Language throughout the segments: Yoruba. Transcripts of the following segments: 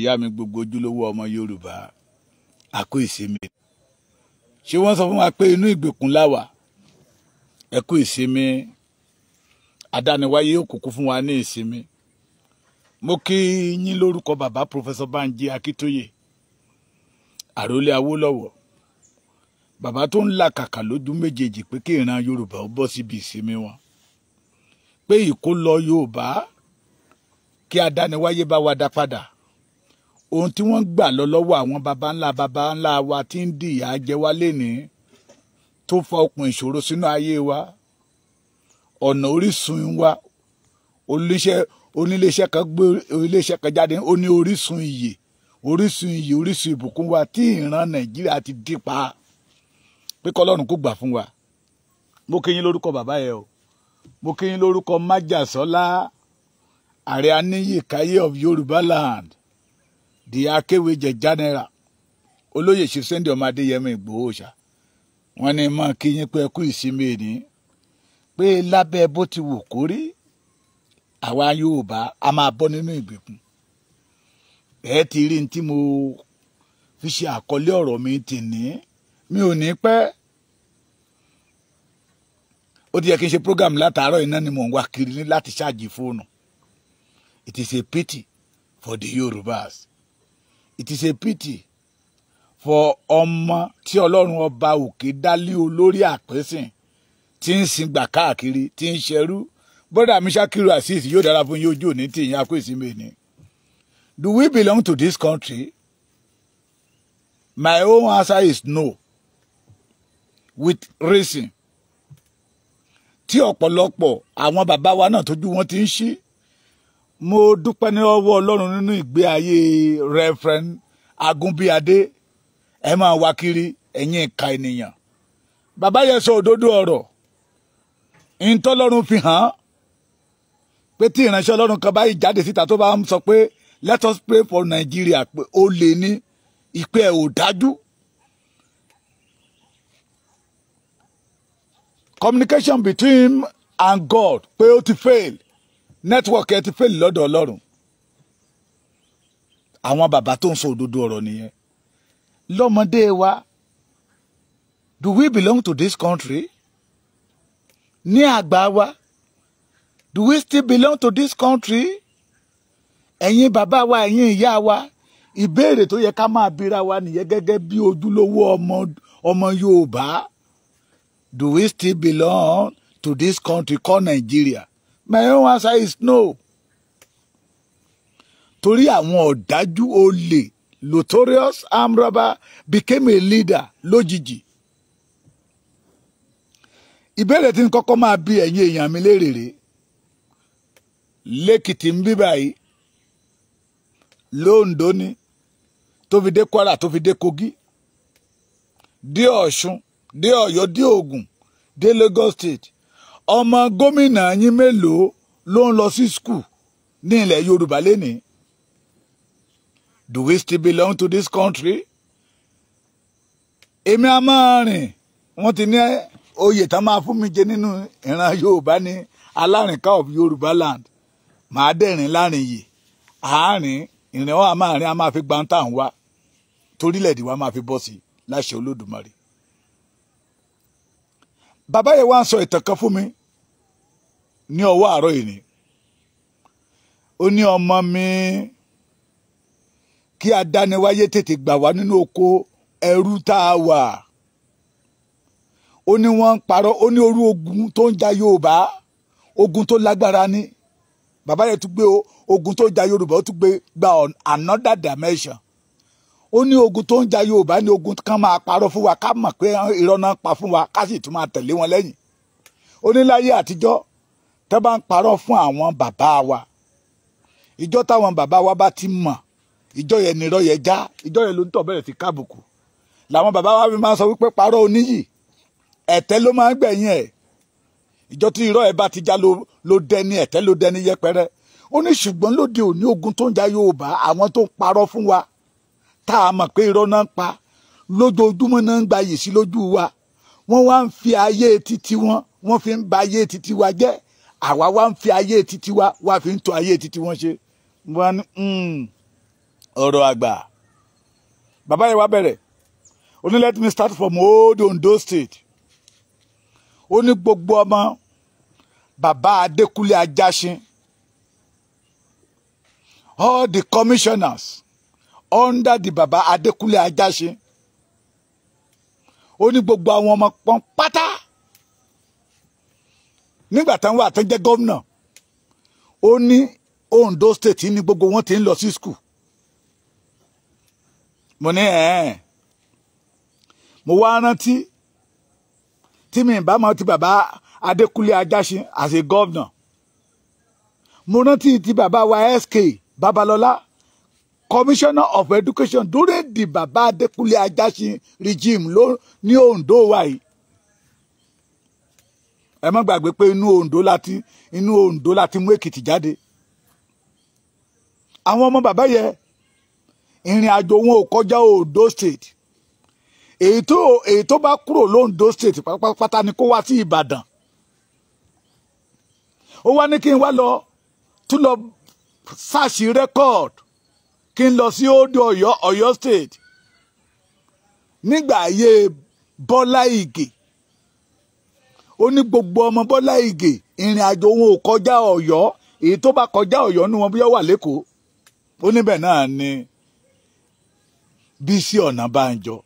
ìyá mi gbogbo ojúlówó ọmọ yorùbá àkó ìsinmi ṣé wọ́n sọ fún wa pé inú ìgbèkùn láwà ẹ kú ìsinmi adániwáyé òkùnkùn fún wa ní ìsinmi mo kí yín lórúkọ bàbá pòfẹsọ Bánjí Akíntóyè àròlé Awólọ́wọ̀ bàbá tó ń làkàkà lójú méjèèjì pé kí ìran yorùbá ó bọ́ síbi ìsinmi wọn pé ìkólọ yorùbá kí adániwáyé bá wa dá padà ohun tí wọ́n gbà lọ lọ́wọ́ àwọn baba ńlá baba ńlá wa tí ń di ìyà jẹ wá lénìí tó fa okùn ìṣòro sínú ayé wa ọ̀nà orísun wa oníṣẹ́ oníléeṣẹ́ kan gbé oníléeṣẹ́ kan jáde ó ní orísun iyè orísun iyì orísun ìbùkún wa tí ìran nàìjíríà ti dí pa pé kọlọ́run kò gbà fún wa mo kí yín lórúkọ bàbá yẹn o mo kí lórúkọ májàsọ́lá ààrẹ aníyìkáyé of yorùbá land di akéwéjẹ jánẹ́ra olóyè ṣe sẹ́ńdì ọmọ adéyẹmọ ìgbòho ṣá wọn ní mọ kí yín pé ẹkú ìsinmi ní pé lábẹ́ bó ti wù kó rí àwa Yorùbá a máa bọ́ nínú ìgbèkùn ẹ ti rí ní tí mo fi ṣe àkọlé ọ̀rọ̀ mi tì ní mi ò ní pẹ́ ó ti yẹ kí n ṣe program látàárọ̀ iná ni mò ń wá kiri ní láti ṣáàjì fóònù it is a pity for the Yorùbás it is a pity for ọmọ tí ọlọ́run ọba òkè dálé olórí àpẹ́sìn tí ń sin gbà káàkiri tí ń ṣerú brother mishakiru asis yóò dára fún yóò jò ní tìyìn akó ìsinmi ni do we belong to this country my own answer is no with reason tí ọ̀pọ̀lọpọ̀ àwọn bàbá wa náà tójú wọn ti ń ṣí mo dúpẹ́ ní ọwọ́ ọlọ́run nínú ìgbé ayé Reverend Agúnbíadé ẹ máa wá kiri ẹ̀yin ìka ènìyàn bàbá yẹn sọ òdodo ọ̀rọ̀ ìtọ́lọ́run fi hàn án pé tí ìránṣẹ́ ọlọ́run kan báyìí jáde síta tó bá ń sọ pé let us pray for Nigeria pé ó lè ní ìpè ẹ̀ ò dájú. communication between him and God pé ó ti fail nẹ́tíwọ̀kì ẹ ti fẹ́lì lọ́dọ̀ ọlọ́run àwọn bàbá tó ń sọ òdodo ọ̀rọ̀ nìyẹn lọ́mọdé wa do we belong to this country ní àgbà wa do we still belong to this country ẹ̀yin bàbá wa ẹ̀yin ìyá wa ìbéèrè tó yẹ ká máa bira wa nìyẹn gẹ́gẹ́ bí ojúlówó ọmọ ọmọ Yorùbá do we still belong to this country called Nigeria my own answer is no torí àwọn ọ̀dájú olè notorious amraba became a leader lójijì ìbéèrè tí n kọ́kọ́ máa bi ẹ̀yin èèyàn mi léèrè rèé lẹ́kìtì ń bí báyìí lóńdó ni tó fi dé kwara tó fi dé kogi dé ọ̀ṣun dé ọ̀yọ́ dé ògùn dé lagos state ọmọ gómìnà yín mélòó ló ń lọ sí skul ní ilẹ̀ Yorùbá lénìí do we still belong to this country èmi a máa rìn wọ́n ti ní oyè tán máa fún mi jẹ nínú ìran Yorùbá ní alárìnká of Yorùbá land màá dẹ̀rìn láàrin yìí àárín ìrìn wa máa rìn a máa fi gbáǹtà ń wá torílẹ̀ wa máa fi bọ́ sí i láṣẹ Olódùmarè bàbá yẹn wá ń sọ ìtàn kan fún mi ní ọwọ́ àárọ̀ yìí ni ó ní ọmọ mi kí adániwáyé tètè gbà wá nínú oko ẹrú tá a wà ó ní wọ́n ń parọ́ ó ní orú ogun tó ń ja Yorùbá ogun tó lágbára ní bàbá rẹ̀ tún gbé ogun tó ń ja Yorùbá ó tún gbé gba another dimension ó ní ogun tó ń ja Yorùbá ní ogun kan máa parọ́ fún wa ká mọ̀ pé irọ́ náà pa fún wa ká sì tún máa tẹ̀lé wọn lẹ́yìn ó ní láyé àtijọ́ tẹ́ bá ń parọ́ fún àwọn bàbá wa ìjọ táwọn bàbá wa bá ti mọ̀ ìjọ yẹn nírọ́ yẹn já ìjọ yẹn ló ń tọ̀ bẹ̀rẹ̀ sí kábùkù làwọn bàbá wa fi máa sọ wípé parọ́ oníyì ẹ̀tẹ́ ló máa ń gbẹ̀yìn ẹ̀ ìjọ tí irọ́ ẹ̀ bá ti já ló dẹni ẹ̀tẹ́ ló dẹni yẹpẹrẹ ó ní ṣùgbọ́n lóde òní ogun tó ń ja Yorùbá àwọn tó ń parọ́ fún wa tá a mọ̀ pé irọ́ náà ń pa lójoojúmọ́ náà ń gba sí lójú wa wọ́n wá ń fi ayé títí wọn wọ́n fi ń ba ayé títí wa jẹ́ àwa wá ń fi ayé títí wá wá fi ń tọ́ ayé títí wọ́n ṣe wọ́n ní hmm, àgbà bàbá yẹn wá bẹ̀rẹ̀ ó ní let me start from old Ondo state ó ní gbogbo ọmọ bàbá Adékúnlé Ajásin all the commissioners under the bàbá Adékúnlé Ajásin ó ní gbogbo àwọn ọmọ pọn pátá nígbà táwọn wà tán gómìnà ó ní Ondo state ní gbogbo wọn ti ń lọ sí school mo ní ẹ̀ ẹ́ mo wá rántí tí mi bá mọ ti bàbá Adékúnlé Ajásin as a gómìnà mo rántí ti bàbá wa SK Babalọlá commissioner of education during the baba Adekunle Ajasin regime ló ní Ondo wa yìí ẹ má gbàgbé pé inú Ondo láti inú Ondo láti mú Èkìtì jáde àwọn ọmọ bàbá yẹ ìrìn àjò wọn ò kọjá Ondo state èyí tó èyí tó bá kúrò l'Ondo state pátápátá ni kó wá sí Ìbàdàn ó wá ní kí n wá lọ tún lọ ṣáàṣì rẹ́kọ̀d kí n lọ sí odò Ọ̀yọ́ Ọ̀yọ́ state nígbà ayé Bọ́lá Ìgè ó ní gbogbo ọmọ Bọ́lá Ìgè ìrìn àjò wọn ò kọjá Ọ̀yọ́ èyí tó bá kọjá Ọ̀yọ́ ní wọn bí wọ́n wà lẹ́kọ̀ọ́ ó níbẹ̀ náà ni Bísí Ọ̀nàbánjọ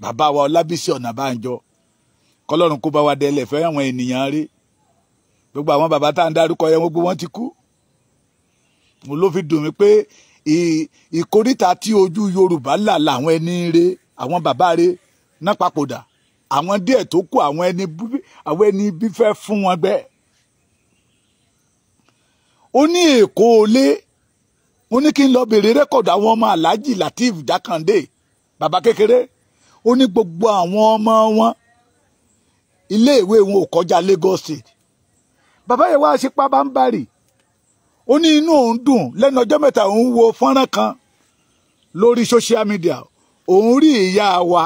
bàbá wa Ọlábísí Ọ̀nàbánjọ kọlọ́run kó bá wa délẹ̀ fẹ́ àwọn ènìyàn rí gbogbo àwọn bàbá tá à ń dárúkọ yẹn gbogbo wọn ti kú mo ló fi dùn mí pé ìkórìtà tí ojú Yorùbá là làwọn ẹni rè àwọn bàbá rè náà papòdà àwọn díẹ̀ tó kù àwọn ẹni bí àwọn ẹni bí fẹ́ fún wọn gbẹ ó ní èkó olé ó ní kí n lọ bèrè rékọ̀dù àwọn ọmọ aláàjì Lateef Jákàndé bàbá kékeré ó ní gbogbo àwọn ọmọ wọn iléèwé wọn ò kọjá Lagos State bàbá yẹn wá ṣe pábánbárì ó ní inú òun dùn lẹ́nu ọjọ́ mẹ́ta òun wo fọ́nrán kan lórí social media òun rí ìyá wa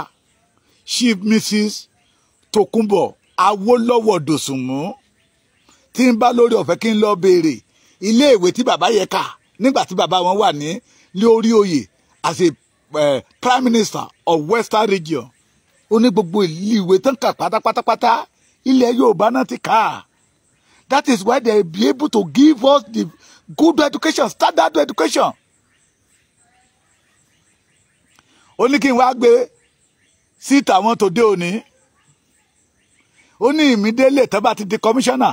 Chief Mrs. Tokunbo Awolowo Dosunmu tí ń bá lórí ọ̀fẹ́ kí n lọ béèrè iléèwé tí bàbá yẹ kà nígbà tí bàbá wọn wà ní lórí oyè as a uh, prime minister of western region ó ní gbogbo ìwé tán kà pátápátápátá ilẹ̀ Yorùbá náà ti kà á that is why they be able to give us the good education standard education ó ní kí n wá gbé síta wọn tó dé òní ó ní ìmídélé tó bá ti di kọmíṣánná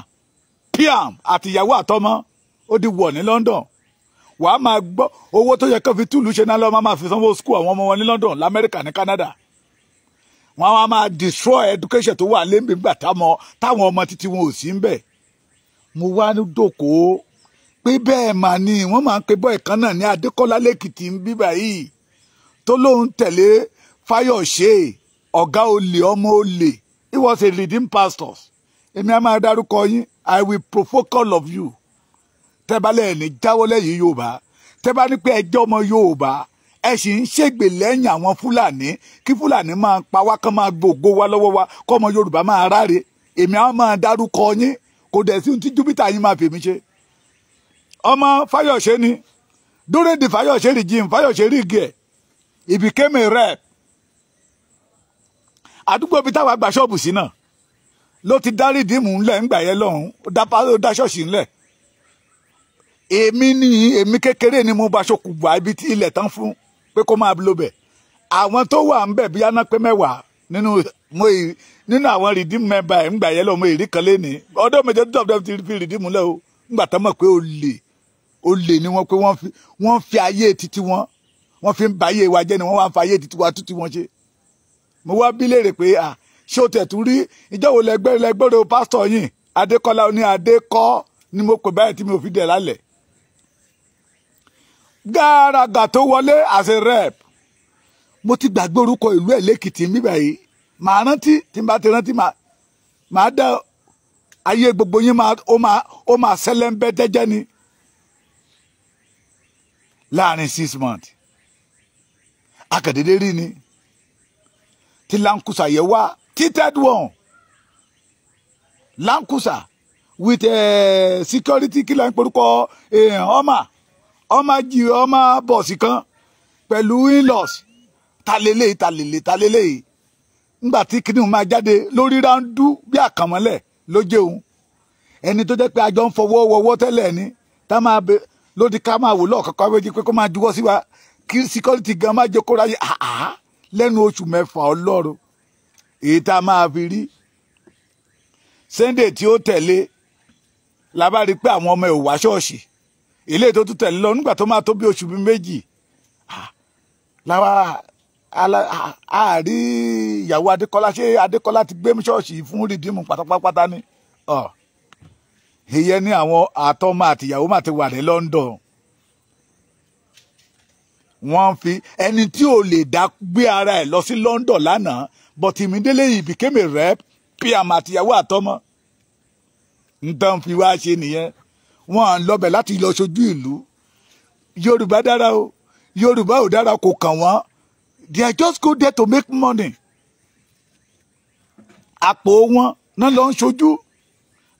pm àtìyàwó àtọmọ ó di wọ̀ ní London wà á máa gbọ́ owó tó yẹ kó fi túlù ṣe náà lọ́wọ́ máa fi sanwó skul àwọn ọmọ wọn ní London lamẹ́ríkà ní Canada wọn á máa destroy education tó wà lẹ́mí gbà táwọn ọmọ títí wọn ò sí ń bẹ̀ mo wá ní dòkòó pé bẹ́ẹ̀ mà ni wọ́n máa ń pe bọ́ọ̀ kan náà ní Adékọ́lá lẹ́kìtì ń bíbà yìí tó lóun tẹ̀lé Fayose ọ̀gá olè ọmọ olè he was a leading pastor èmi á máa dárúkọ yín i will provoke all of you tẹ́ bá lẹ́yìn ní jáwọ́ lẹ́yìn Yorùbá tẹ́ bá ní pé ẹjọ́ ọmọ Yorùbá ẹ sì ń ṣègbè lẹ́yìn àwọn Fúlàní kí Fúlàní máa pa wá kán máa gbògbó wá lọ́wọ́ wa kọ́mọ Yorùbá máa ráre èmi á máa dárúkọ yín kò dẹ̀ sí tí Júpítà yín máa fèmí ṣe ọmọ Fayose ni during the Fayose regime Fayose rí gẹ̀ he became a rep àdúgbò bíi táwa gba ṣọ́ọ̀bù sí náà ló ti dá rìdíìmù ńlẹ̀ ńgbà yẹn lọ́hùn ó dá ṣọ́ọ̀ṣì ńlẹ̀ èmi ní èmi kékeré ni mo baṣọ kùgbà ibi tí ilẹ̀ tán fún pé kó máa lo bẹ̀ àwọn tó wà ń bẹ̀ bí yáná pé mẹ́wàá nínú mo nínú àwọn rìdíìmù mẹ́ba ẹ̀ ńgbà yẹn lọ́hùn mo ìrí kan léni ọdún méje tó dọ̀bù ti fi rìdíìmù lẹ́ o ńgbà tán mọ̀ pé olè olè ni wọ́n pé wọ́n fi ayé titi wọn wọ́n fi ń ba ayé wa jẹ́ ni wọ́n wá ń fa ayé titi wa tútù wọn ṣe mo wá bí léèrè pé à ṣé o tẹ̀tún rí ìjọ wo lẹgbẹ́ o pásítọ̀ yìí adékọ́lá oní adékọ́ ni mo pè báyìí tí mi ò fi dẹ̀ lálẹ́ gàràgà tó wọlé as a rep mo ti gbàgbé orúkọ ìlú ẹ̀ lẹ́kìtì mi báyìí màá rántí tí n bá ti rántí màá dá ayé gbogbo yín ó máa sẹ́lẹ̀ńbẹ́ jẹ́jẹ́ ni láàrin six months akàdédé rí ni tí lankusa yẹ wá títẹ́d wọn lankusa with uh, security kí lóun porúkọ ọmọ eh, ọmọ jì ọmọ bọ̀sì kan pẹ̀lú in-laws talele talele talele ngbà tí kìnìún máa jáde lórí ráńdú bí àkànmọ́lẹ̀ ló jẹun ẹni tó jẹ́ pé àjọ ń fọwọ́ wọwọ́ tẹ́lẹ̀ ni tá máa bẹ lódì ká máa wò lọ́ọ̀kọ́kọ́ méjì pé kó máa juwọ́ sí wa kí security gan máa jẹ kóra yẹ àhá lẹ́nu oṣù mẹ́fà ọlọ́run èyí tá a máa fi rí sunday tí ó tẹ̀lé la bá rí i pé àwọn ọmọ ẹ̀ ò wá ṣọ́ọ̀ṣì ilé tó tún tẹ̀lé lọ nígbà tó máa tó bí oṣù bíi méjì làwa àárí ìyàwó adékọ́lá ṣé adékọ́lá ti gbé ṣọ́ọ̀ṣì fún rìdíìmù pátápátá ni ìyẹn ní àwọn àtọ́mọ àtìyàwó mà ti wà ní London wọ́n fi ẹni tí ò lè dá gbé ara ẹ̀ lọ sí London lánàá but Ìmídélé yìí became a rep pm àtìyàwó àtọmọ nǹkan fi wá ṣe nìyẹn wọ́n à ń lọbẹ láti lọ ṣojú ìlú Yorùbá dára o Yorùbá ò dára kò kàn wọ́n they just go there to make money àpò wọn náà lọ ń ṣojú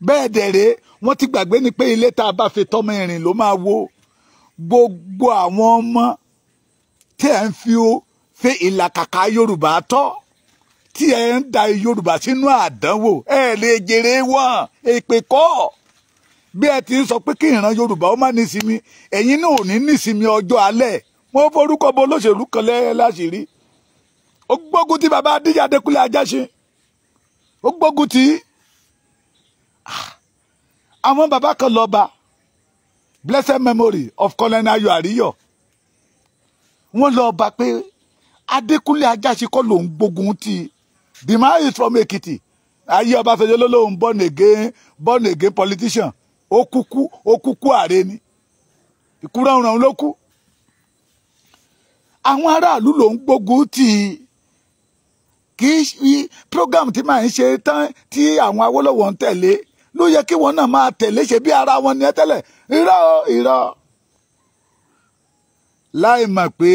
bẹ́ẹ̀ dẹ̀rẹ́ wọ́n ti gbàgbé ni pé ilé tá a bá fi tọ́mọ ìrìn ló máa wo gbogbo àwọn ọmọ tí ẹ ń fi ó fi ìlàkàkà yorùbá tọ́ tí ẹ ń da yorùbá sínú àdánwò ẹ lè jèrè wọn èpè kọ́ bí ẹ ti ń sọ pé kí ìran yorùbá ó má nísinmi ẹ̀yin náà ò ní nísinmi ọjọ́ alẹ́ mo forúkọ bo olóṣèlú kan láṣìírí ó gbógun ti bàbá adíjà adékúnlé ajáṣe ó gbógun ti àwọn bàbá kan lọ́ba blessed memory of colonel ayọ̀ àríyọ̀ wọ́n lọ bá pé adékúnlé ajáṣe kọ́ lòun gbógun ti the man is from Èkìtì ayé Ọbáfẹ́mi ló lóun born again born again politician ó kúkú ó kúkú ààrẹ ni ikú ránran ló kú àwọn aráàlú ló gbógun ti kì í program tí màá ń ṣe tán tí àwọn Awólọ́wọ̀ ń tẹ̀lé ló yẹ kí wọn náà máa tẹ̀lé ṣe bí ara wọn ni ẹ tẹ́lẹ̀ irọ́ irọ́ láì mọ̀ pé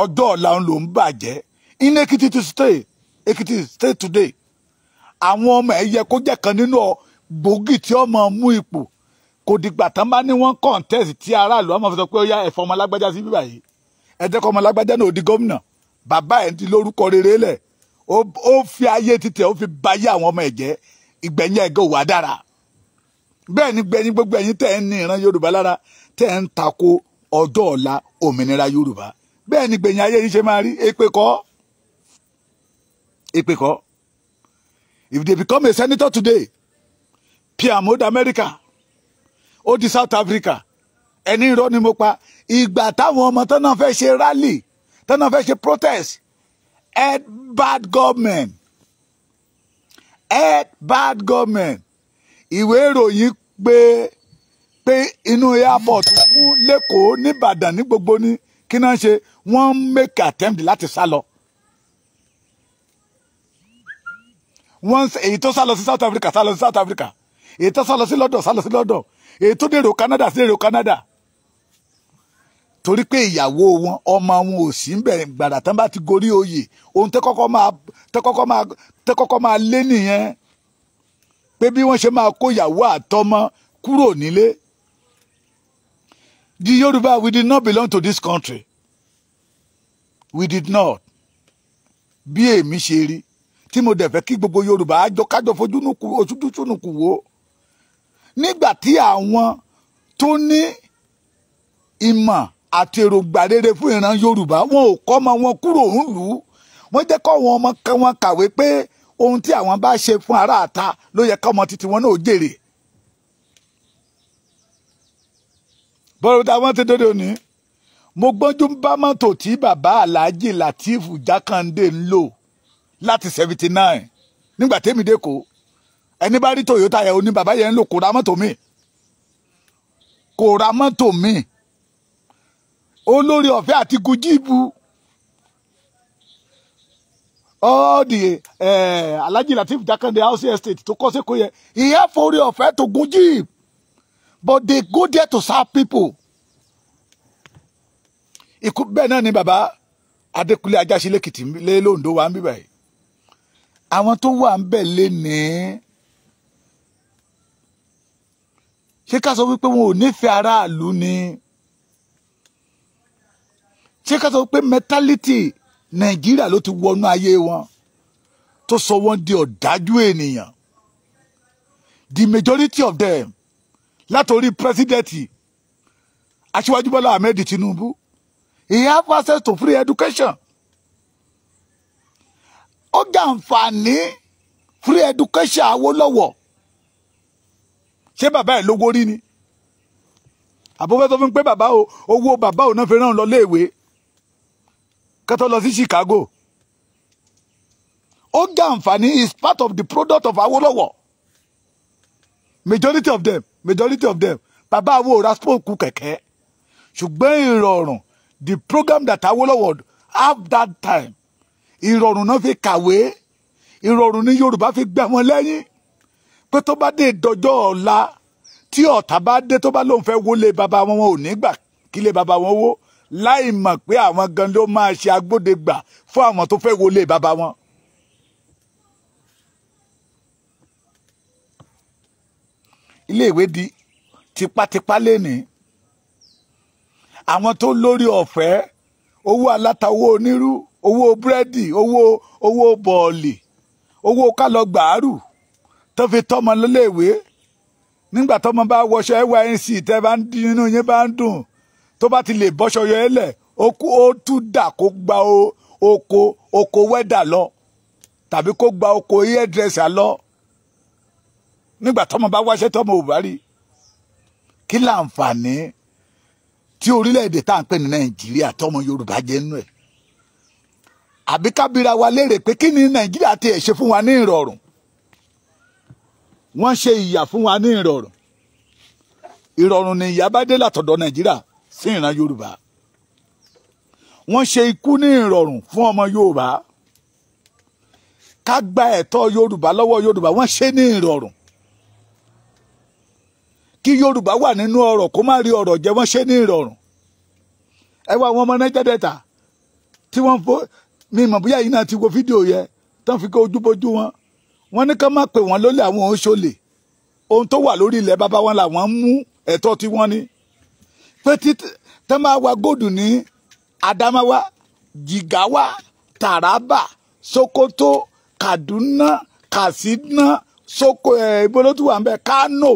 ọjọ́ ọ̀la òun ló ń bàjẹ́ in Ekiti to stay Ekiti stay today àwọn ọmọ ẹ yẹ kó jẹ́ kan nínú gbòógì tí ọmọ mú ipò kò dìgbà tán bá ní wọ́n kọ̀ǹtẹ́sì tí aráàlú ọmọ fi sọ pé ó yá ẹ̀fọ́ ọmọ alágbájá sí bíbá yìí ẹ jẹ́ kó ọmọ alágbájá náà di gómìnà bàbá ẹ̀ ti lórúkọ rere lẹ̀ ó fi ayé títẹ̀ ó fi báyé àwọn ọmọ ẹ̀ ìgbẹ̀yìn ẹ̀gẹ́ òwà dára bẹ́ẹ̀ ni gbẹ̀yìn gbogbo ẹ̀yìn tẹ̀ ń ní ìran Yorùbá lára tẹ̀ ń tako ọjọ́ ọ̀la òmìnira yorùbá bẹ́ẹ̀ ni gbẹ̀yìn ayé yìí ṣe máa rí èpè kọ́ èpè kọ́ if they become a senator today pm ó america ó di south africa ẹni irọ́ ni mo pa ìgbà táwọn ọmọ tán náà fẹ́ ṣe rally tán náà fẹ́ ṣe protest head bad government head bad government ìwé ìròyìn pé. be pé inú airport kún lẹ́kọ̀ọ́ nìbàdàn ní gbogbo ní kí náà ṣe wọ́n ń make attempt láti sá lọ. wọ́n èyí tó sá lọ sí South Africa sá lọ sí South Africa èyí tó sá lọ sí lọ́dọ̀ sá lọ sí lọ́dọ̀ èyí tó dèrò Canada sí dèrò Canada torí pé ìyàwó wọn ọmọ wọn ò sí ń bẹ̀rẹ̀ gbàrà tán bá ti gorí oyè ohun tẹ́kọ́kọ́ máa tẹ́kọ́kọ́ máa tẹ́kọ́kọ́ máa lé nìyẹn pé bí wọ́n ṣe máa kó ìyàwó àtọmọ kúrò nílé The Yoruba, we did not belong to this country. We did not. Bí èmi ṣe rí, tí mo dẹ̀ fẹ́ kí gbogbo Yorùbá àjọ kájọ fojú ojúdúsúnùkù wo. Nígbà tí àwọn tó ní ìmọ̀ àti èròǹgbà rere fún ìran Yorùbá, wọn ò kọ́ ọmọ wọn kúrò ńlùú. Wọ́n jẹ́ kọ́ wọn ọmọ kan wọn kàwé pé ohun tí àwọn bá ṣe fún aráàta ló yẹ kọ́ ọmọ títí wọn náà jèrè. bọ́dọ̀ táwọn ti dédé òní mo gbọ́njú bá mọ́tò tí bàbá Alhaji Lateef Jákàndé ń lò láti seventy nine nígbà tẹ́mi dé kó ẹni bá rí Toyota yẹn ó ní bàbá yẹn ń lò kó ra mọ́tò míì kó ra mọ́tò míì olórí ọ̀fẹ́ àti gujibu ọ́ọ̀dì eh, Alhaji Lateef Jákàndé house estate tó kọ́ sí kó ìyá forí ọ̀fẹ́ tó gujib but they go there to serve people. ikú bẹ́ẹ̀ náà ni bàbá Adékúnlé Ajáṣe lẹ́kìtì lé lóńdó wa ń bíbà yìí àwọn tó wà ń bẹ̀ lé ní ṣé ká sọ wípé wọn ò nífẹ̀ẹ́ aráàlú ni ṣé ká sọ wípé mẹtálítì Nàìjíríà ló ti wọnú ayé wọn tó sọ wọn di ọ̀dájú ènìyàn the majority of them látòrí pírẹsidẹ́ǹtì aṣíwájú bọ́lá ahmed tinubu he have access to free education ó jàǹfààní free education awolowo ṣé bàbá ẹ̀ lówó rí ni àbúfẹ́ tó fi pé bàbá o owó bàbá ò náà fi ràn lọ léèwé kẹtọ lọ sí Chicago ó jàǹfààní is part of the product of awolowo majority of them majority of them baba àwọn ò ra spoke kẹ̀kẹ́ ṣùgbọ́n the program that Awolowo have that time ìrọ̀rùn na fi kawe, ìrọ̀rùn ni yoruba fi gbà wọ́n lẹ́yìn pé tó bá dé dọjọ́ ọ̀la tí ọ̀tá bá dé tó bá lóun fẹ́ wọlé bàbá wọn wọn ò ní gbà kílé bàbá wọn wó láì mọ̀ pé àwọn gan ló máa ṣe agbódegbà fún àwọn tó fẹ́ wọlé bàbá wọn iléèwé di tipátipá lénìí àwọn tó lórí ọ̀fẹ́ owó aláta owó onírú owó búrẹ́dì owó owó bọ̀ọ̀lì owó kálọ̀ gbàárù tó fi tọ́mọ léléèwé nígbà tọ́mọ bá wọṣọ nync tẹ́ bá ń dín inú yín bá ń dùn tó bá ti lè bọ́ṣọ yọ ẹlẹ̀ ó tún dà kó gba oko oko wẹ́dà lọ tàbí kó gba oko hairdresser lọ nígbà tọ́mọ bá wáṣẹ́ tọ́mọ ò bá rí kí láǹfààní tí orílẹ̀-èdè tá à ń pè ní nàìjíríà tọ́mọ yorùbá jẹ́ nú ẹ̀ àbí kábíra wa léèrè pé kí ni nàìjíríà ti ẹ̀ ṣe fún wa ní ìrọ̀rùn wọ́n ṣe ìyà fún wa ní ìrọ̀rùn ìrọ̀rùn ni ìyà bá dé látọ̀dọ̀ nàìjíríà sí ìran yorùbá wọ́n ṣe ikú ní ìrọ̀rùn fún ọmọ yorùbá ká gba ẹ̀tọ́ yorùbá lọ́wọ́ yorùbá wọ́n ṣe ní ìrọ̀rùn kí Yorùbá wà nínú ọ̀rọ̀ kó má rí ọ̀rọ̀ jẹ wọ́n ṣe ní ìrọ̀rùn ẹ wá àwọn ọmọ Niger Delta tí wọ́n fo mi mọ̀ bóyá yìí náà ti wo fídíò yẹ tán fi kó ojúbójú wọn wọ́n ní ká má pè wọ́n lólè àwọn òun ohun tó wà lórí ilẹ̀ bàbá wọn làwọn mú ẹ̀tọ́ tí wọ́n ní pé títí tẹ́ máa wa góòdù ní Adamawa Jigawa Taraba Sokoto Kaduna Katsina Soko ẹ̀ eh, ń bẹ Kano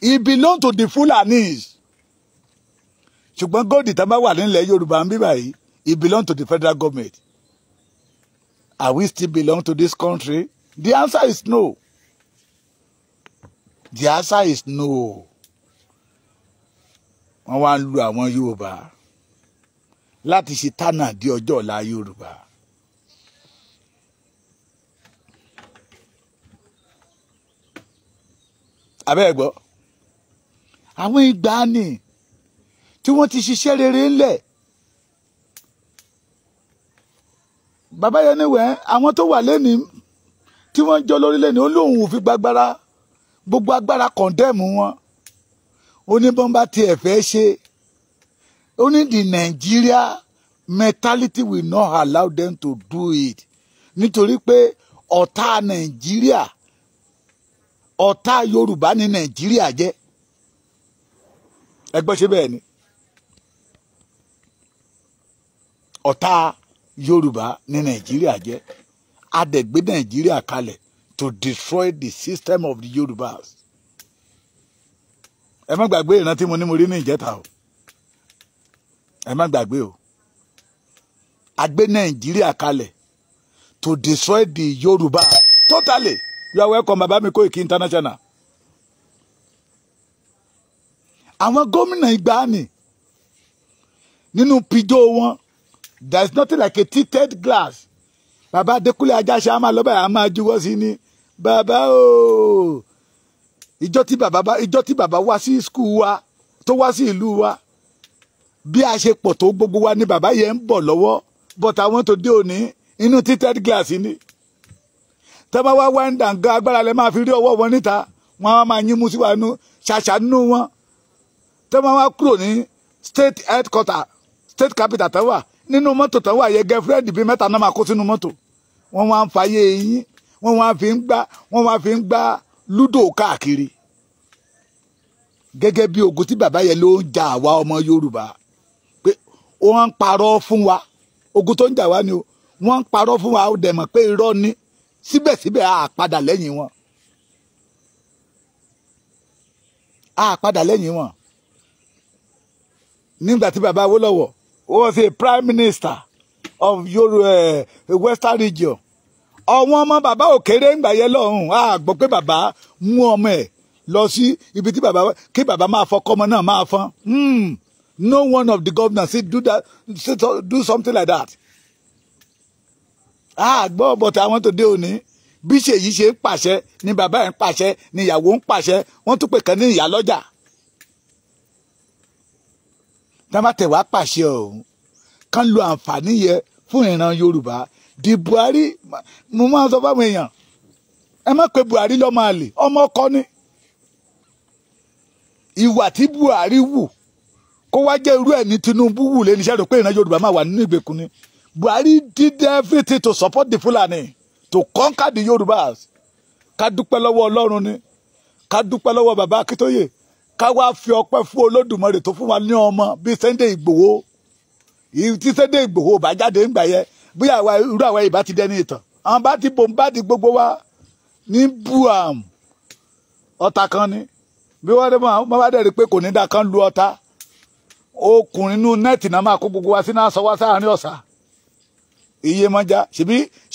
he belong to the Fulanis ṣùgbọ́n góòdì tá a bá wà nílẹ̀ Yorùbá ń bí báyìí he belong to the federal government are we still belong to this country the answer is no the answer is no wọ́n wá ń lu àwọn Yorùbá láti ṣe tánà di ọjọ́ ọ̀la Yorùbá. abẹ́ẹ̀ gbọ́ àwọn ìgbàanì tí wọ́n ti ṣiṣẹ́ rere ńlẹ̀ bàbá yẹn níwẹ̀ àwọn tó wà lẹ́ni tí wọ́n ń jọ lórílẹ̀ ní olóhùn òfin gbagbára gbogbo agbára kọ̀ndẹ́ẹ̀mù wọn oníbọ̀nba tí ẹ̀ fẹ́ ṣe ó ní the Nigeria mentality will not allow them to do it nítorí pé ọ̀tá Nàìjíríà ọ̀tá Yorùbá ní Nàìjíríà jẹ́ ẹgbẹ́ ṣe bẹ́ẹ̀ ni ọ̀tá Yorùbá ní Nàìjíríà jẹ́ adẹ̀gbé Nàìjíríà kalẹ̀ to destroy the system of the Yorùbás ẹ má gbàgbé ìrántí mo ní mo rí ní ìjẹta o ẹ má gbàgbé o a gbé Nàìjíríà kalẹ̀ to destroy the Yorùbá totally you are welcome baba mi International. àwọn gómìnà ìgbàanì nínú pijó wọn there is nothing like a tinted glass bàbá adékúnlé ajáṣe a máa lọ báyìí a máa juwọ́ sí ni bàbá ooo ìjọ tí bàbá ìjọ tí bàbá wá sí skul wa tó wá sí ìlú wa bí a ṣe pọ̀ tó gbogbo wa ni bàbá yẹn ń bọ̀ lọ́wọ́ but àwọn tó dé òní inú tinted glass ni tẹ́lẹ̀ wá wá ń dàǹgá agbára lẹ́ máa fi rí ọwọ́ wọn níta wọn á máa yín mú síwájú ṣàṣà nínú wọn tẹ́ wọ́n wá kúrò ní state headquarter state capital tẹ́ wà nínú mọ́tò tẹ́ wà yẹ gẹ́fúrẹ́ǹdì bíi mẹ́ta náà máa kó sínú mọ́tò wọ́n wá ń fàyè yín wọ́n wá fi ń gbá wọ́n wá fi ń gbá lúdò káàkiri gẹ́gẹ́ bí ogun tí bàbá yẹn ló ń jà àwa ọmọ Yorùbá pé wọ́n ń parọ́ fún wa ogun tó ń jà wá ni o wọ́n ń parọ́ fún wa ó pé irọ́ ni síbẹ̀síbẹ̀ a padà lẹ́yìn wọn a padà lẹ́yìn wọn nígbà tí bàbá Awólọ́wọ̀ was a prime minister of your uh, eh, western region àwọn ọmọ bàbá òkèrè ńgbà yẹn lọ́hùn á gbọ́ pé bàbá mú ọmọ ẹ̀ lọ sí ibi tí bàbá kí bàbá máa fọ kọ́mọ náà máa fọ́n hmm. no one of the governors say do that do something like that á gbọ́ bọ̀tà àwọn tó dé òní bí ṣèyí ṣe ń pàṣẹ ni bàbá ẹ̀ ń pàṣẹ ni ìyàwó ń pàṣẹ wọ́n tún pè kàn ní ìyá lọ́jà tábàtẹ̀ wàá pàṣẹ ọ̀hún Kan lo àǹfààní yẹ fún ìran Yorùbá di Buhari mo máa ń sọ fáwọn èèyàn ẹ má pe Buhari lọ́mọ àlè ọmọ ọkọ ni ìwà tí Buhari wù kó wá jẹ́ irú ẹ̀ ní Tinubu wù lé níṣẹ́ rò pé ìran Yorùbá máa wà nínú ìgbèkùn ni Buhari did everything to support the Fulani to conquer the Yorùbás ká dúpẹ́ lọ́wọ́ Ọlọ́run ni ká dúpẹ́ lọ́wọ́ bàbá Akíntóyè ká wá fi ọpẹ́ fún olódùmarè tó fún wa ní ọmọ bíi Sunday Ìgbòho Ìgbòho bá jáde ńgbà yẹ àwa irú ìbá ti dẹni ìtàn àwọn bá ti bòm bá gbogbo wa ní buam ọta kan ni bí wọ́n bá pé kò ní kan lu ọta okùnrin náà máa wa ọ̀sà iye mọ́já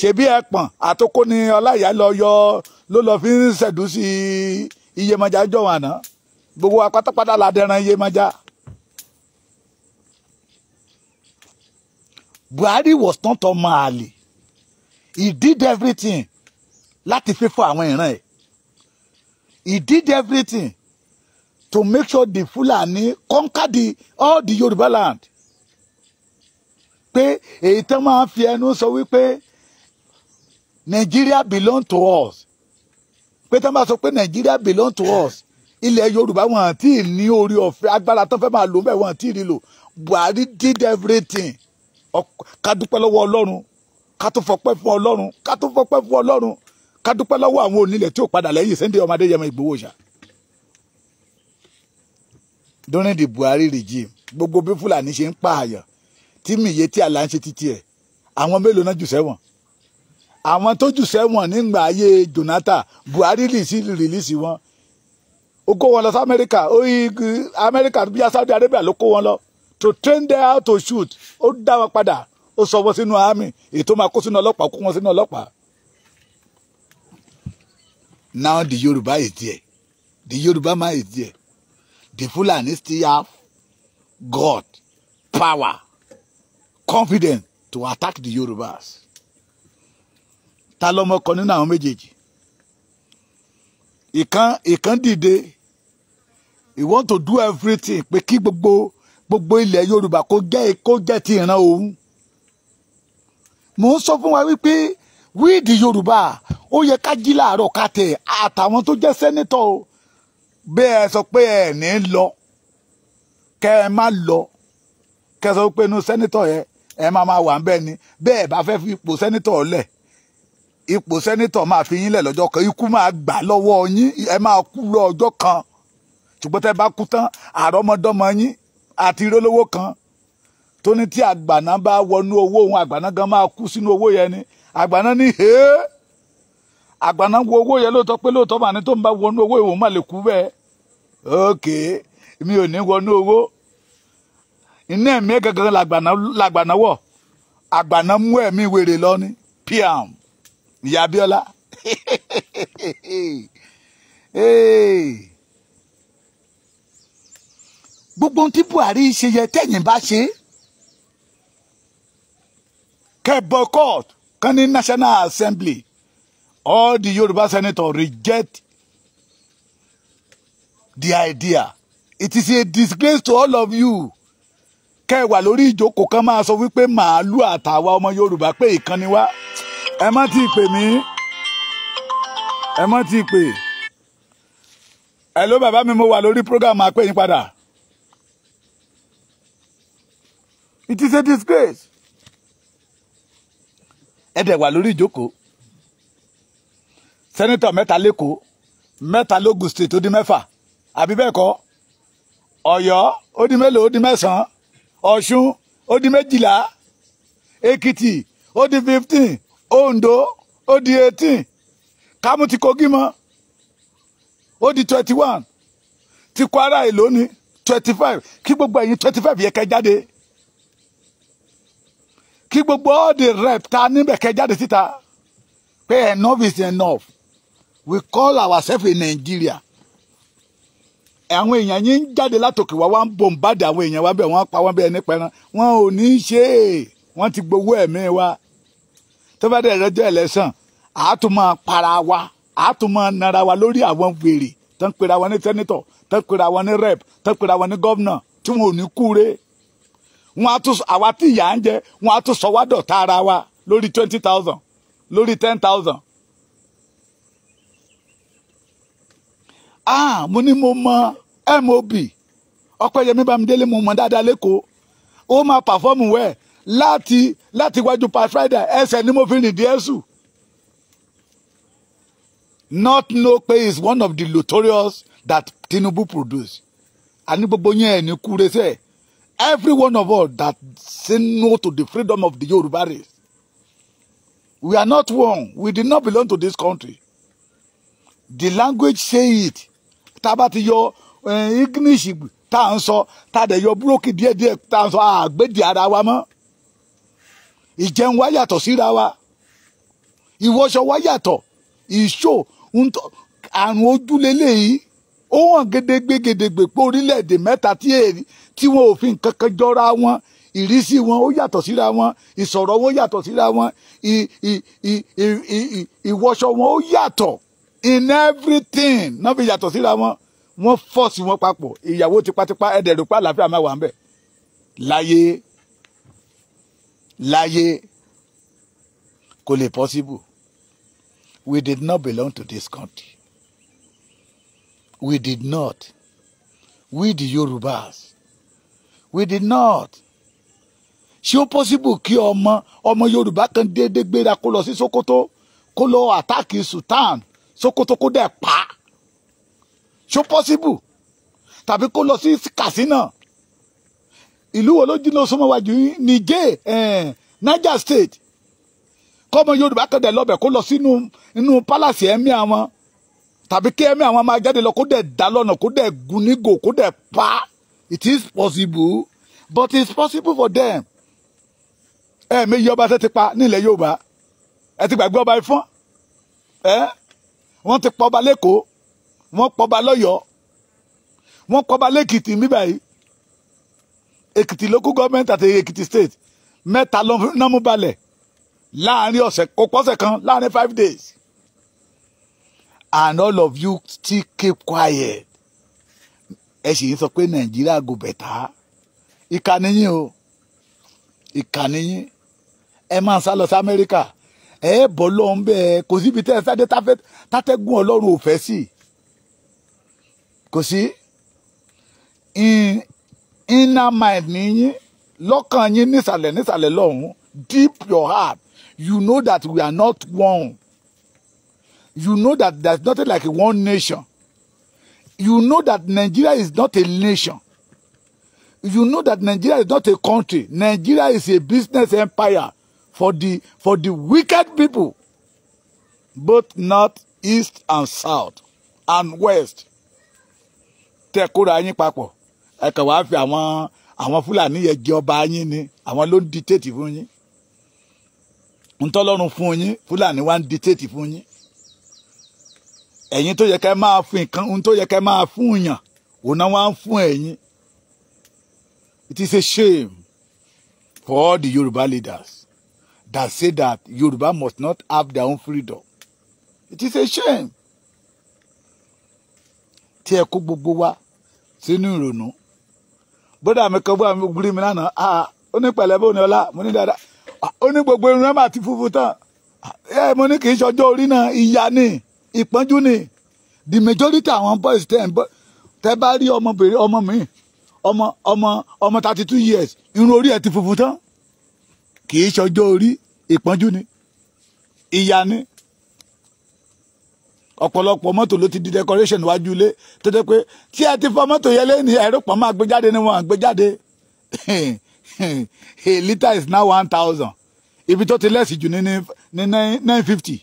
ẹ̀pọ̀n àtòkó ni lọ lọ fi ń ṣẹ̀dú sí iye mọ́já gbogbo wa la dẹran Yemọja. Buhari was not ọmọ àlè he did everything láti fífọ́ àwọn ìran ẹ̀ he did everything to make sure the Fulani conquer the all the Yoruba land pé èyí tó máa fi ẹnu sọ wípé Nigeria belong to us pé tó máa sọ pé Nigeria belong to us ilẹ̀ yorùbá wọn àti ní orí ọ̀fẹ́ agbára tó fẹ́ máa lò bẹ́ẹ̀ wọn àti ìrìlò buhari did everything ká dúpẹ́ lọ́wọ́ ọlọ́run ká tó fọpẹ́ fún ọlọ́run ká tó fọpẹ́ fún ọlọ́run ká dúpẹ́ lọ́wọ́ àwọn onílẹ̀ tí ò padà lẹ́yìn Sunday ọmọ Adéyẹmọ Ìgbòho ṣá. during the buhari regime gbogbo bí fúlàní ṣe ń pààyàn tí mìíye tí àlà ń ṣe títí ẹ̀ àwọn mélòó náà jù sẹ́wọ̀n àwọn tó jù sẹ́wọ̀n nígbà ayé Jonathan buhari lì sí rìlíìsì wọn ó kó wọn lọ sí amẹ́ríkà ó yí amẹ́ríkà bí i saudi arabia ló kó wọn lọ to train them how to shoot ó dá wọn padà ó sọ wọn sínú army ètò máa kó sínú ọlọ́pàá kó wọn sínú ọlọ́pàá. now the Yoruba is there the Yoruba man is there the Fulani still have God power confidence to attack the Yorubas ta lọmọ kan nínú àwọn méjèèjì ìkan ìkan dìde You want to do everything pé kí gbogbo gbogbo ilẹ̀ Yorùbá kó jẹ́ kó jẹ́ ti ìran òun mò ń sọ fún wa wípé wíìdì Yorùbá ó yẹ ká jí làárọ̀ ká tẹ̀ àtàwọn tó jẹ́ sẹ́nítọ̀ o bẹ́ẹ̀ ẹ sọ pé ẹ ní lọ kẹ ẹ má lọ kẹ ẹ sọ pé inú sẹ́nítọ̀ yẹ ẹ máa máa wà ń bẹ́ẹ̀ ni bẹ́ẹ̀ bá fẹ́ fi ipò sẹ́nítọ̀ lẹ̀ ipò sẹ́nítọ̀ máa fi yín lẹ̀ lọ́jọ́ kan ikú máa gbà lọ́wọ́ yín ẹ máa kú lọ kan ṣùgbọ́n tẹ́ bá kú tán àrọ́mọdọ́mọ yín àti irólówó kan tó ní tí àgbàná bá wọnú owó òun àgbàná gan máa kú sínú owó yẹn ni àgbàná ní hèé àgbàná wo owó yẹn lóòótọ́ pé lóòótọ́ màá ní tó ń bá wọnú owó ìwọ̀n má lè kú bẹ́ẹ̀ ókè mi ò ní wọnú owó iná ẹ̀mí gangan làgbàná wọ̀ àgbàná mú ẹ̀mí wèrè lọ ní pm ìyá Abíọ́lá. hey gbogbo ohun tí Buhari ṣe yẹ tẹ̀yìn bá ṣe kẹ́ boycott kan ní National Assembly all the Yorùbá senators reject the idea it is a disgrace to all of you kẹ́ wà lórí ìjókòó kan máa sọ wípé màálù àtàwa ọmọ Yorùbá pé ìkànnì wa ẹ má tí ì pè mí ẹ má tí ì pè ẹ ló bàbá mi mo wà lórí program àpéyìn padà. it is a disgrace ẹ dẹ̀ wà lórí ìjókòó sẹ́nitọ̀ mẹ́ta lẹ́kọ̀ọ́ mẹ́ta lógùn state ó dín mẹ́fà àbí bẹ́ẹ̀ kọ́ ọ̀yọ́ ó dín mélòó ó dín mẹ́sàn-án ọ̀ṣun ó dín méjìlá èkìtì ó dín fifteen ondo ó dín eighteen kámú ti kogi mọ́ ó dín twenty one ti kwara èlò twenty five kí gbogbo ẹ̀yin twenty five yẹ kẹ́ jáde kí gbogbo all the rep ta níbẹ̀ kẹ́ jáde síta pé enough is enough we call ourselves in Nigeria àwọn èèyàn yín ń jáde látòkè wá wá ń bombard àwọn èèyàn wá bẹ́ẹ̀ wọ́n pa wọ́n bẹ́ẹ̀ nípa ẹran wọn ò ní í ṣe é wọ́n ti gbowó ẹ̀mí wa tó bá dẹ̀ rẹ́jọ́ ẹ̀lẹ́sàn àátúmọ̀ para wa àátúmọ̀ nara wa lórí àwọn wèrè tó ń pera wọn ní sẹ́nitọ̀ tó ń pera wọn ní rep tó ń pera wọn ní gọ́vnà tí wọn ò ní kúre wọn á tún àwa tí ìyà ń jẹ wọn á tún sọ wá ara wa lórí twenty thousand lórí ten thousand. ah mo ní mo mọ mob ọpẹ́yẹmí bámidélé mo mọ dáadáa lẹ́kọ̀ọ́ ó máa pàfọ́ọ̀mù wẹ̀ láti láti wájú pa friday ẹsẹ̀ ni mo fi rìn díẹ̀ sùn. not know pay is one of the notorious that Tinubu produce. àní gbogbo yẹn ẹ̀ ní kúrẹ́sẹ̀. Every one of us that say no to the freedom of the Yoruba race. We are not one. We did not belong to this country. The language say it. Tábà ti yọ eh, English tá à ń sọ tàdé yọ búrókì díẹ̀díẹ̀ tá à ń sọ àgbèdì ara wa mọ́. Ìjẹun wa yàtọ̀ síra wa. Ìwọṣọ wa yàtọ̀. Ìṣó àrùn ojúlélẹ́yìí. Ó hàn gédégbé gédégbé pé orílẹ̀-èdè mẹ́ta tí èyí tí wọn ò fi nǹkan kan jọra wọn ìrísí wọn ó yàtọ̀ síra wọn ìsọ̀rọ̀ wọn yàtọ̀ síra wọn ìwọṣọ wọn ó yàtọ̀ in everything náà fi yàtọ̀ síra wọn wọ́n fọ́ọ̀sì wọn papọ̀ ìyàwó tipátipá ẹ̀dẹ̀ rúpa àlàáfíà máa wà ń bẹ̀ láyé láyé kò lè possible we did not belong to this country we did not we the Yorubas we did not ṣé ó possible kí ọmọ ọmọ Yorùbá kan déédéé gbéra kó lọ sí Sokoto kó lọ àtàkì Sultan Sokoto kó dẹ̀ pa ṣé ó possible tàbí kó lọ sí Katsina ìlú wo ló jìnnà súnmọ́ wájú Niger eh, Niger State kọ́mọ Yorùbá kan dẹ̀ lọ́bẹ̀ kó lọ sínú inú pálàsì ẹ̀mí àwọn tàbí kí ẹ̀mí àwọn máa jáde lọ kó dẹ̀ dá lọ́nà kó dẹ̀ gun nígò kó dẹ̀ pa á it is possible but it's possible for them Eh, ẹ méjì ọba tẹ́ ti pa nílẹ̀ Yorùbá ẹ ti gbàgbé ọba Ifọ̀n ẹ eh? wọ́n ti pọba lẹ́kọ̀ọ́ wọ́n pọba lọ́yọ̀ọ́ wọ́n pọba lẹ́kìtì mi bayi. Ekiti local government at ekiti state Me talon ló ná mú balẹ̀ láàrin ọ̀sẹ̀ kò pọ́sẹ̀ kan láàrin five days and all of you still keep quiet ẹ sì ń sọ pé nàìjíríà go better ìkà nìyí o ìkà nìyí ẹ máa sá lọ sí amẹ́ríkà ẹ bọ́ lọ́hún bẹ́ẹ̀ kò síbi tẹ́ ẹ sáde tátẹ́gùn ọlọ́run ò fẹ́ sí kò sí inner mind nìyí lọ́kàn yín nísàlẹ̀ nísàlẹ̀ lọ́hún deep your heart you know that we are not one you know that there is nothing like one nation you know that Nigeria is not a nation. You know that Nigeria is not a country. Nigeria is a business empire for the for the wicked people, both north, east and south and west. Tẹ kóra yín papọ̀, ẹ ẹ̀yin tó yẹ ká máa fún nǹkan ohun tó yẹ ká máa fún yàn òun náà wá fún ẹ̀yin it is a shame for all the Yoruba leaders that say that Yoruba must not have their own freedom it is a shame tí ẹ kó gbogbo wa sínú ìrònú bódà mi kan bóyá mi gbúrí mi lánàá ah ó ní pẹ̀lẹ́ bó ọlá mo ní dáadáa ó ní gbogbo irun náà mà ti funfun tán ẹ mo ní kì í ṣọjọ́ orí náà ìyá ni ìpọ́njú ni the majority àwọn boys tẹ̀ ń bọ́ tẹ́ bá rí ọmọbìnrin ọmọ mi ọmọ ọmọ ọmọ thirty two years irun orí ẹ̀ ti funfun tán kì í ṣọjọ́ orí ìpọ́njú ni ìyà ni ọ̀pọ̀lọpọ̀ mọ́tò ló ti di decoration wájú ilé tó dé pé tí ẹ ti fọ mọ́tò yẹn lé ní ẹ̀rọ pọ̀ máa gbé jáde ni wọ́n gbé jáde a litre is now one thousand ibi tó ti lẹ́sì jù ní ní nine fifty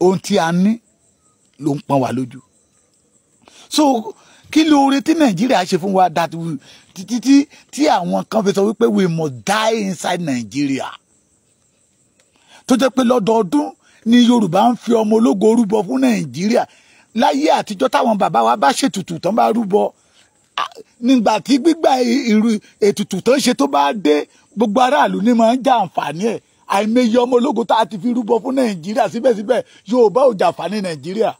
ohun tí a ní ló ń pọn wá lójú so kí lóore tí nàìjíríà ṣe fún wa that we títí tí àwọn kan fi sọ wípé we must die inside nàìjíríà tó jẹ́ pé lọ́dọọdún ni yorùbá ń fi ọmọ ológo rúbọ fún nàìjíríà láyé àtijọ́ táwọn bàbá wa bá ṣètùtù tán bá rúbọ nígbà tí gbígbà ètùtù tán ṣe tó bá dé gbogbo aráàlú ni máa ń jàǹfààní ẹ̀ àìmọye ọmọ ológun tá a ti fi rúbọ fún nàìjíríà síbẹ̀síbẹ̀ yorùbá ò jàfà ní nàìjíríà.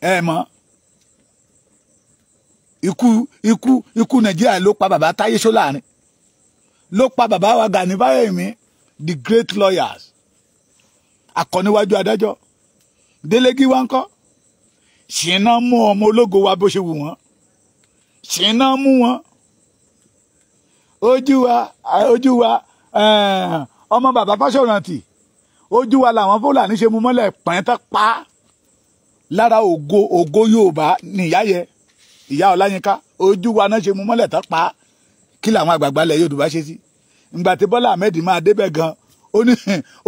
ẹ mọ̀ ikú ikú ikú nàìjíríà ló pa bàbá táyé sọláàrin ló pa bàbá wa Gani Fáyẹ̀mí the great lawyers akọniwájú adájọ́ délégi wa ń kọ́ ṣìnà mú ọmọ ológo wa bó ṣe wù wọ́n ṣìnà mú wọn ojú wa ojú wa eh, ọmọ bàbá fásọ̀rántì ojú wa làwọn fúlàní ṣe mú mọ́lẹ̀ pẹ́ńtẹ́ pa lára ògo ògo yorùbá nìyá yẹ ìyá ọláyínká ojú wa náà ṣe mú mọ́lẹ̀ tán pa kí làwọn àgbààgbà ilẹ̀ yorùbá ṣe sí ìgbà tí bọ́lá ahmed máa débẹ̀ gan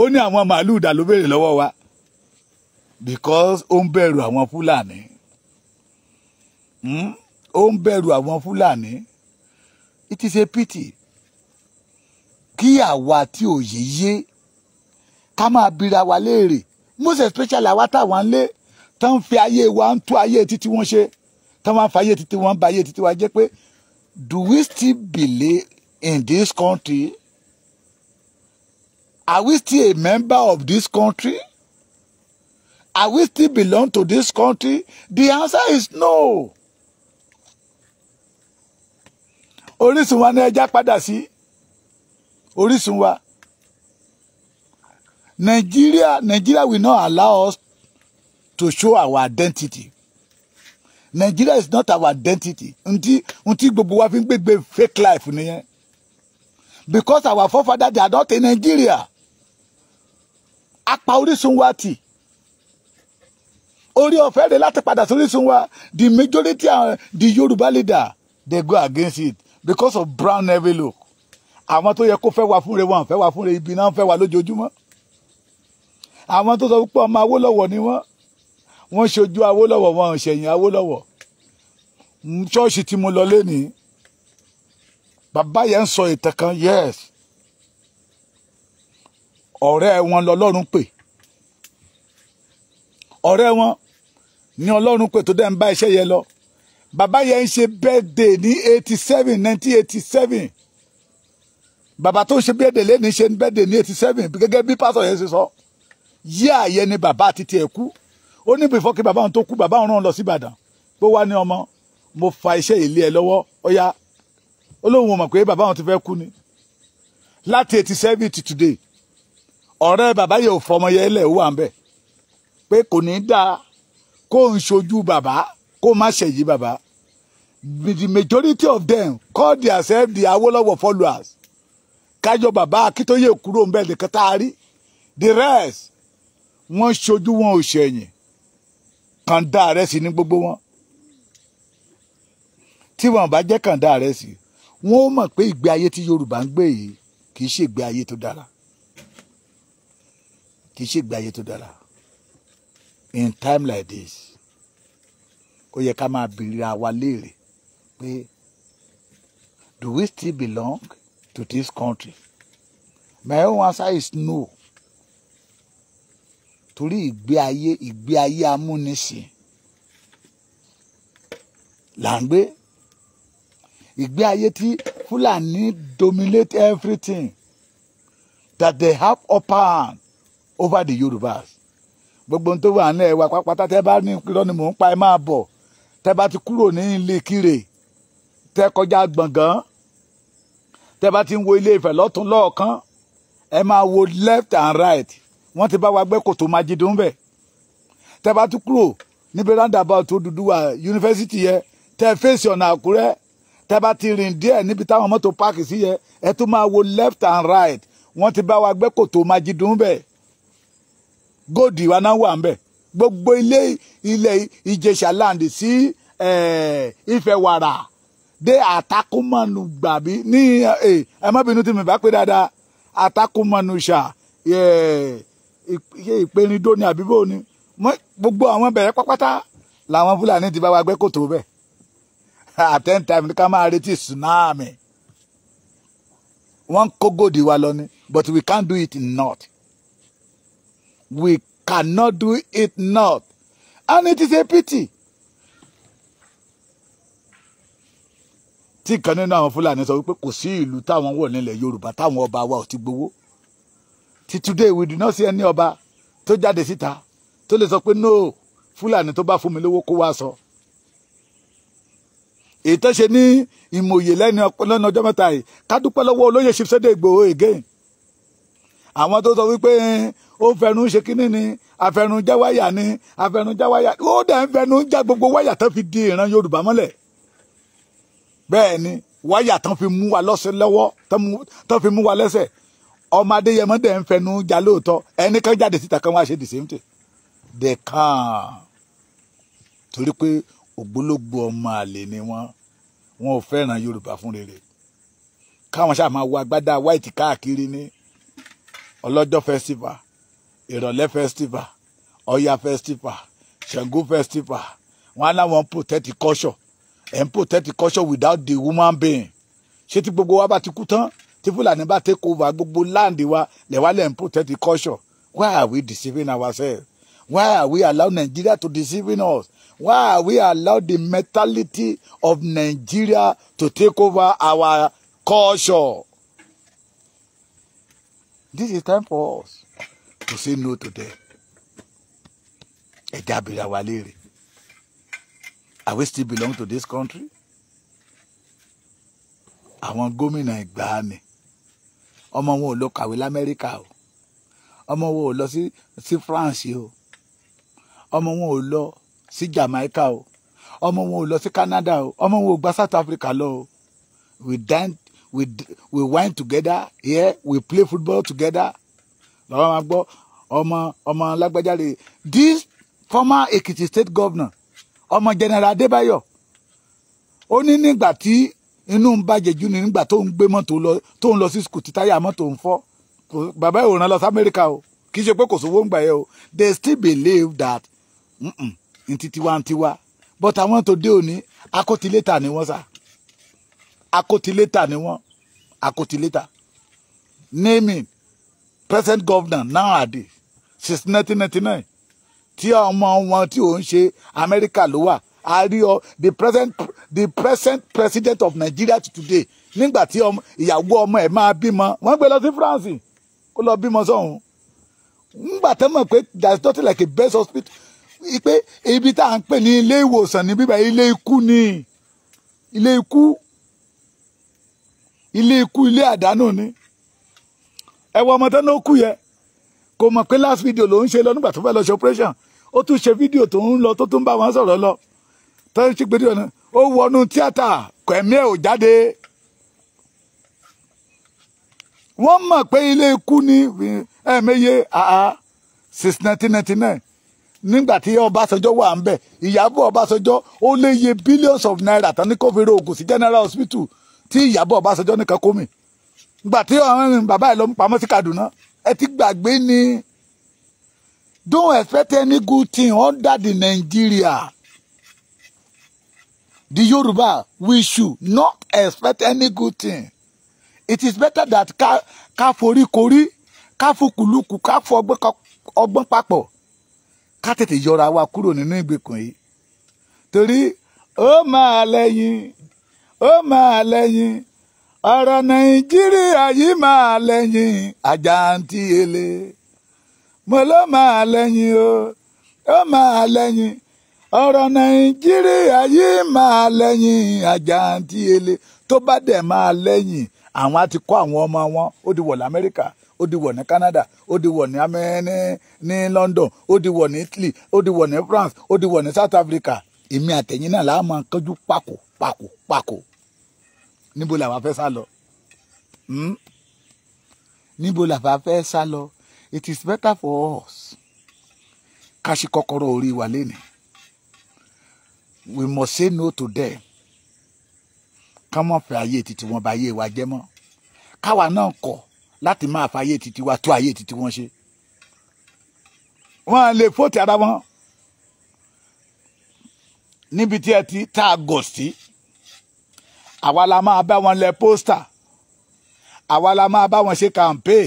ó ní àwọn màálù ìdà ló béèrè lọ́wọ́ wa because ó ń bẹ̀rù àwọn fúlàní hmm? ó ń bẹ̀rù àwọn fúlàní it is a pity kí àwa tí òye yé ká máa bira wa léèrè most especially àwa táwa ń lé tó ń fi ayé wa ń tú ayé títí wọn ṣe tó máa ń fa ayé títí wọn ń ba ayé títí wa jẹ́ pé do we still believe in this country are we still a member of this country are we still belong to this country the answer is no. orísun wa ní ẹja padà sí orísun wa Nigeria Nigeria will not allow us to show our identity Nigeria is not our identity nti nti gbogbo wa fi ń gbégbé fake life nìyẹn because our forefathers they are not in Nigeria apá orísun wa tì orí ọ̀fẹ́ rẹ̀ láti padà sórísun wa the majority of the Yorùbá leader they go against it because of brown envelope àwọn tó yẹ kó fẹ́ wá fúnre wọn fẹ́ wá fúnre ibi náà fẹ́ wá lójoojúmọ́ àwọn tó sọ pé ọmọ Awólọ́wọ̀ ni wọ́n wọ́n ṣojú Awólọ́wọ̀ wọn ò ṣẹ̀yìn Awólọ́wọ̀ ṣọ́ọ̀ṣì tí mo lọ lénìí bàbá yẹn ń sọ ìtàn kan yes ọ̀rẹ́ wọn lọ́lọ́run pè ọ̀rẹ́ wọn ni Ọlọ́run pè tó dẹ́ bá iṣẹ́ yẹn lọ Baba yẹn ń ṣe birthday ní eighty seven nineteen eighty seven Baba tó ń ṣe birthday lẹ́ni ṣe ń birthday ní eighty seven gẹ́gẹ́ bí pásọ̀ yẹn ṣe sọ yí àyẹ ni baba titi tiẹ̀ kú ó ní before kí bàbá òun tó kú bàbá òun rán lọ sí Ìbàdàn pé wá ní ọmọ mo fa iṣẹ́ ilé ẹ lọ́wọ́ ó yá ó lóun mọ̀ pé bàbá òun ti fẹ́ kú ni láti eighty seven to today ọ̀rẹ́ baba yẹn ò fọmọ yẹn lẹ̀ wà ń bẹ̀ pé kò ní dáa kó ń ṣojú bàbá kó má ṣe yí bàbá the majority of them call themselves the Awolowo followers kájọ baba, Akíntóyè kúrò ńbẹ nìkan tá a rí the rest wọ́n ṣojú wọn ò ṣẹ̀yìn kàńdà rẹ̀ sí ní gbogbo wọn tí wọn bá jẹ́ kàńdà rẹ̀ sí wọn ó mọ̀ pé ìgbé ayé tí Yorùbá ń gbé yìí kì í ṣe ìgbé ayé tó dára kì í ṣe ìgbé ayé tó dára in time like this ó yẹ ká máa bèrè àwa léèrè pé do we still belong to this country my own answer is no torí ìgbé ayé ìgbé ayé amúnisìn là ń gbé ìgbé ayé tí Fúlàní dominate everything that they have upper hand over the Yorùbás gbogbo ohun tó wà ní ẹwà pápátá tẹ bá ní irọ́ ni mò ń pa ẹ máa bọ̀ tẹ́ bá ti kúrò ní ilé kíre tẹ́ kọjá gbọ̀ngàn tẹ́ bá ti ń wo ilé Ifẹ̀ lọ́tún lọ́ọ̀kan ẹ máa wo left and right wọ́n ti bá wa gbẹ́ kòtò májídùn bẹ̀ tẹ́ bá ti kúrò níbi roundabout Odùduwà yunifásitì yẹ tẹ́ fèsì ọ̀nà Àkúrẹ́ tẹ́ bá ti rìn díẹ̀ níbi táwọn mọ́tò páàkì sí yẹ ẹ tún máa wo left and right wọ́n ti bá wa gbẹ́ kòtò májídùn bẹ̀ góòdì wa náà wà ń bẹ̀ gbogbo ilé ilẹ̀ ìjẹ̀ṣà land sí ìfẹ́ eh, wàrà dé àtakùmọ̀nù gbàbí ní eh, ẹ má bínú tí mi bá pé dáadáa àtakùmọ̀nù ṣà eh, ìperinidó ni àbíbó ni gbogbo àwọn bẹ̀rẹ̀ pápátá làwọn fúlàní ti bá wa gbẹ́ kòtò bẹ́ẹ̀ at ten time ká máa retí tsunami wọ́n kó gòdì wa lọ ni but we can't do it in north we cannot do it not. And it is a pity. tí kan nínú àwọn Fúlàní sọ wípé kò sí ìlú táwọn wọ̀ nílẹ̀ Yorùbá táwọn ọba wa ò ti gbowó ti today we do not see any ọba tó jáde síta tó lè sọ pé no Fúlàní tó bá fún mi lówó kó wá sọ. èyí tó ṣe ní ìmọ̀ye lẹ́nu ọjọ́ mẹ́ta yìí ká dúpẹ́ lọ́wọ́ olóyè Sunday Igboho again àwọn tó sọ wípé ó fẹnu ṣe kínní ni àfẹnu já wáyà ni àfẹnu já wáyà ó dẹ̀ ń fẹnu já gbogbo wáyà tán fi di ìran Yorùbá mọ́lẹ̀ bẹ́ẹ̀ ni wáyà tán fi mú wa lọ́sẹ̀ lọ́wọ́ tán fi mú wa lẹ́sẹ̀ ọmọ Adéyẹmọ dẹ̀ ń fẹnu já lóòótọ́ ẹnìkan jáde síta kan wá ṣe the same thing they can torí pé ògbólógbò ọmọ àlè ni wọ́n wọn ò fẹ́ràn Yorùbá fún rere káwọn ṣáà máa wọ agbádá white káàkiri ní ọlọ́jọ́ festival ìrọ̀lẹ́ festival ọya festival ṣàngó festival wọn á láwọn the culture ẹ̀ ń the culture without the woman being ṣé tí gbogbo wa bá ti kú tán tí fúlàní bá take over gbogbo land wa lẹ́wà lẹ́ ń protect culture why are we deceiving ourselves why are we allow Nigeria to deceive us why are we allow the mentality of Nigeria to take over our culture this is time for us to say no to them ẹja abira wa léèrè are we still belong to this country àwọn gómìnà ìgbàanì ọmọ wọn ò lọ kàwé lamẹ́ríkà o ọmọ wọn ò lọ sí sí France o ọmọ wọn ò lọ sí Jamaica o ọmọ wọn ò lọ sí Canada o ọmọ wọn ò gba South Africa lọ o we dine we we wine together here we play football together làwọn máa gbọ́ ọmọ ọmọ lágbájá this former Ekiti state governor ọmọ general Adébáyọ̀ ó ní nígbà tí inú ń bàjẹ́ jù ní nígbà tó ń gbé mọ́tò lọ tó ń lọ sí skul tí táyà mọ́tò ń fọ́ bàbá ìwòran lọ sí Amẹ́ríkà o kì í ṣe pé kò sówó ń gbà yẹ o they still believe that n ti tiwantiwa but àwọn tó dé òní akótiléta ni wọ́n sá akótiléta ni wọ́n akótiléta naming present governor nowadays since nineteen ninety nine tí ọmọ wọn tí ò ń ṣe amẹ́ríkà ló wà a rí ọ the present the present president of Nigeria today nígbà tí ìyàwó ọmọ ẹ̀ máa bímọ wọ́n gbé lọ sí France kó lọ bímọ sọ́hún ngbà tẹ́ mọ̀ pé there is nothing like a best hospital pé ibi tá à ń pè ní ilé ìwòsàn ní bíbá ilé ikú ni ilé ikú ilé ikú ilé àdánù ni ẹ wọ ọmọ tẹ́ ní ó kú yẹn kò mọ̀ pé last video ló ń ṣe lọ nígbà tó fẹ́ lọ ṣe operation ó tún ṣe fídíò tó ń lọ tó tún bá wọn sọ̀rọ̀ lọ tó ń ṣe gbèdúrà náà ó wọnú tíátà kẹ̀mí ẹ̀ ò jáde wọ́n mọ̀ pé ilé ikú ní ẹ̀ẹ́mẹ́yẹ àá six nineteen ninety nine nígbà tí Ọbásanjọ́ wà ń bẹ̀ Ìyábọ̀ Ọbásanjọ́ ó lé iye billions of naira tán ní kó fi ra oògùn sí general hospital tí Ìyábọ̀ Ọbásanjọ́ nìkan kó mi gbà tí bàbá ẹ̀ ló ń pamọ́ sí Kaduna ẹ ti gbàgbé ni don't expect any good thing under the Nigeria the Yoruba we should not expect any good thing it is better that ká ká forí korí ká fokùlùkù ká fọ ọgbọ́n papọ̀ ká tètè yọra wa kúrò nínú ìgbèkùn yìí torí ó máa lẹ́yìn ó máa lẹ́yìn ọ̀rọ̀ nàìjíríà yìí máa lẹ́yìn àjàǹtíyèlé mo ló máa lẹ́yìn o ó máa lẹ́yìn ọ̀rọ̀ nàìjíríà yìí máa lẹ́yìn àjàǹtíyèlé tó bá dẹ̀ máa lẹ́yìn àwọn á ti kọ́ àwọn ọmọ wọn ó di wọ̀ lamẹ́ríkà ó di wọ̀ ní Canada ó di wọ̀ ní amẹ́ni ní London ó di wọ̀ ní Italy ó di wọ̀ ní France ó di wọ̀ ní South Africa èmi àtẹ̀yìn náà láàmú akẹ́jú pàkó pàkó pàkó níbo làwa fẹ́ sá lọ hmm? níbo làwa fẹ́ sá lọ it is better for us ká ṣí kọ́kọ́rọ́ orí wa lénìí we must say no to them ká má fẹ́ ayé títí wọn ba ayé wa jẹ́ mọ́ káwa náà kọ̀ láti máa fa ayé títí wa tó ayé títí wọn ṣe wọn lè fòtì ara wọn níbi tí ẹ ti tá a gọ̀ sí àwa la máa bá wọn lẹ pósítà àwa la máa bá wọn ṣe kàmpéè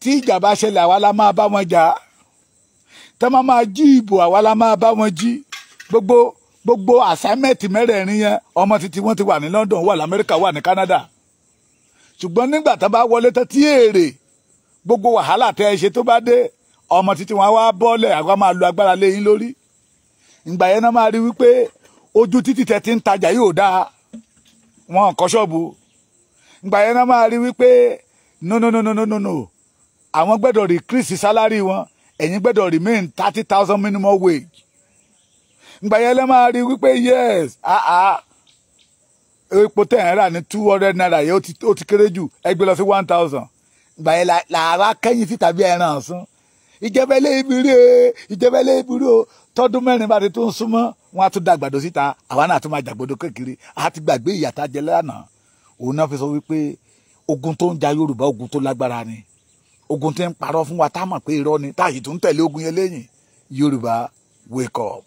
tí ìjà bá ṣẹlẹ̀ àwa la máa bá wọn jà á tá máa máa jí ìbò àwa la máa bá wọn jí gbogbo gbogbo assignment mẹ́rẹ̀ẹ̀rin yẹn ọmọ títí wọ́n ti wà ní London wà lamẹ́ríkà wà ní Canada ṣùgbọ́n nígbà tá bá wọlé tán tí èrè gbogbo wàhálà tẹ́ ẹ ṣe tó bá dé ọmọ títí wọn wá bọ́ọ̀lẹ̀ àwa máa lo agbára lé yín lórí ìgbà yẹn náà máa rí wípé ojú títí tẹ́ ti ń tajà yóò dáa wọn kọ́ ṣọ́ọ̀bù ìgbà yẹn náà máa rí wípé no no no no no no no àwọn gbẹ́dọ̀ decrease salary wọn ẹ̀yin gbẹ́dọ̀ remain thirty thousand minimum wage ìgbà yẹn lẹ́ máa rí wípé yes ah ah epo tẹ̀ ń rà ní two hundred naira yẹn ó ti kéré jù ẹ gbé lọ sí one thousand ìgbà yẹn làárá kẹ́yìn sí tàbí ẹran ọ̀sán ìjẹ́bẹ́lẹ́ ìbúrú ìjẹ́bẹ́lẹ́ ìbúrú tọdún mẹ́rin bá ti tó ń súnmọ́ wọn á tún da àgbàdo síta àwa náà tún máa jàgbọdọ kékeré a ti gbàgbé ìyà tá jẹ lánàá òun náà fi sọ wípé ogun tó ń ja Yorùbá ogun tó lágbára ni ogun tó ń parọ́ fún wa tá a mọ̀ pé irọ́ ni táyì tó ń tẹ̀lé ogun yẹn lẹ́yìn Yorùbá wake up.